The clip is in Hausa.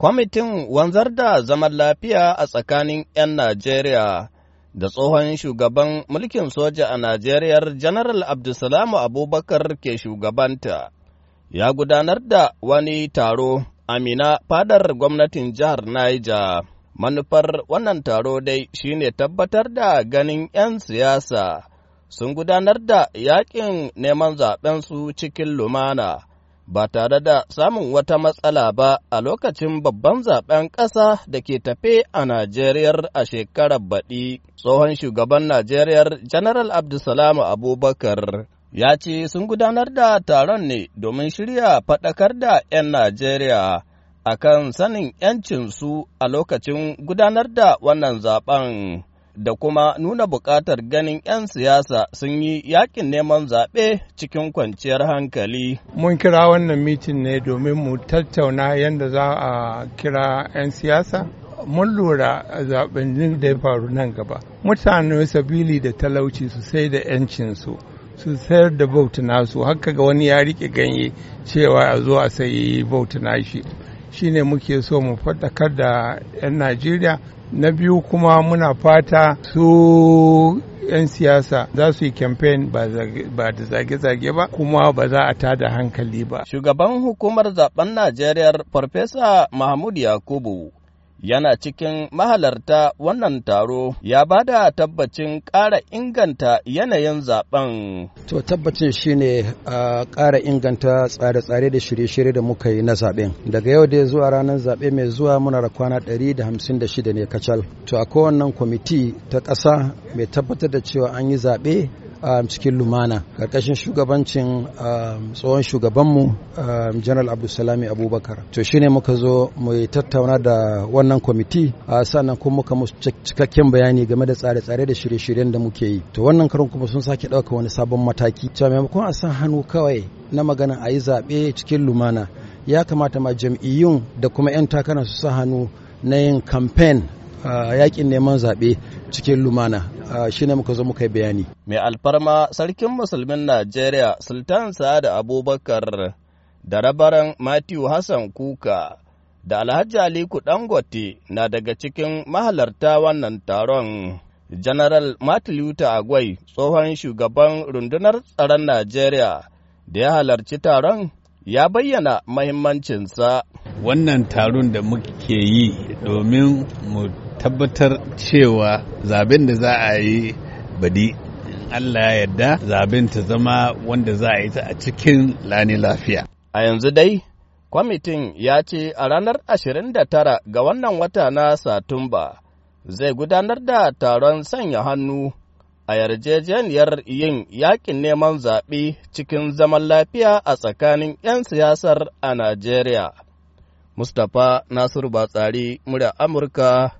Kwamitin wanzar da zaman lafiya a tsakanin ‘yan Najeriya da tsohon shugaban mulkin soja a Najeriya Janaral Abdulsalamu Abubakar ke shugabanta, ya gudanar da wani taro Amina fadar gwamnatin jihar Niger. Manufar wannan taro dai shine tabbatar da ganin ‘yan siyasa sun gudanar da yaƙin neman zaɓensu cikin lumana. ba tare da samun wata matsala ba a lokacin babban zaben ƙasa da ke tafe a Najeriya a shekarar baɗi. Tsohon shugaban Najeriya General Abdulsalam Abubakar ya ce sun gudanar da taron ne domin shirya faɗakar da 'yan Najeriya akan kan sanin 'yancinsu a lokacin gudanar da wannan zaben. da kuma nuna buƙatar ganin 'yan siyasa sun yi yakin neman zaɓe cikin kwanciyar hankali. Mun kira wannan mitin ne domin mu tattauna yadda za a kira 'yan siyasa. Mun lura zaɓen da ya faru nan gaba. Mutane sabili da talauci su sai da 'yancinsu. su sayar da bauta nasu haka ga wani ya rike ganye cewa a zo a sayi bauta nashi shine muke so mu faɗakar da 'yan najeriya na biyu kuma muna fata su 'yan siyasa za su yi kamfen ba da zage-zage ba kuma ba za a tada hankali ba. Shugaban hukumar zaben Najeriya Farfesa Mahmud Yakubu yana cikin mahalarta wannan taro ya ba da tabbacin ƙara inganta yanayin zaben. To tabbacin shine a ƙara inganta tsare-tsare da shirye-shirye da muka yi na zaben. Daga yau dai zuwa ranar zaɓe mai zuwa muna da kwana 156 ne kacal. To a kowannan kwamiti ta ƙasa mai tabbatar da cewa an yi zaɓe Um, cikin lumana karkashin shugabancin um, tsohon shugabanmu um, general abdulsalami abubakar to shine muka zo mu tattauna da wannan kwamiti a uh, sannan kuma muka musu cikakken bayani game da tsare-tsare da shirye-shiryen da muke yi to wannan karon kuma sun sake ɗauka wani sabon mataki cewa maimakon a san hannu kawai na magana a yi zaɓe cikin lumana ya kamata ma jam'iyyun da kuma 'yan takara su sa hannu na yin kamfen uh, yakin neman zaɓe cikin lumana shi ne muka zo muka bayani. Mai alfarma sarkin musulmin Najeriya Sultan Sa'ad Abubakar da rabaran Matthew Hassan Kuka da Alhaji Aliku Dangote na daga cikin mahalarta wannan taron. General Martin Luther Agwai tsohon shugaban rundunar tsaron Najeriya da ya halarci taron ya bayyana mahimmancinsa. Wannan taron da muke yi domin mu tabbatar cewa zaben da za a yi badi Allah ya yarda zaben ta zama wanda za a yi ta a cikin lani lafiya. A yanzu dai, kwamitin ya ce a ranar 29 ga wannan wata na Satumba zai gudanar da taron sanya hannu a yarjejeniyar yin yakin neman zaɓe cikin zaman lafiya a tsakanin 'yan siyasar a Najeriya. Mustapha Nasiru Batsari, murya Amurka,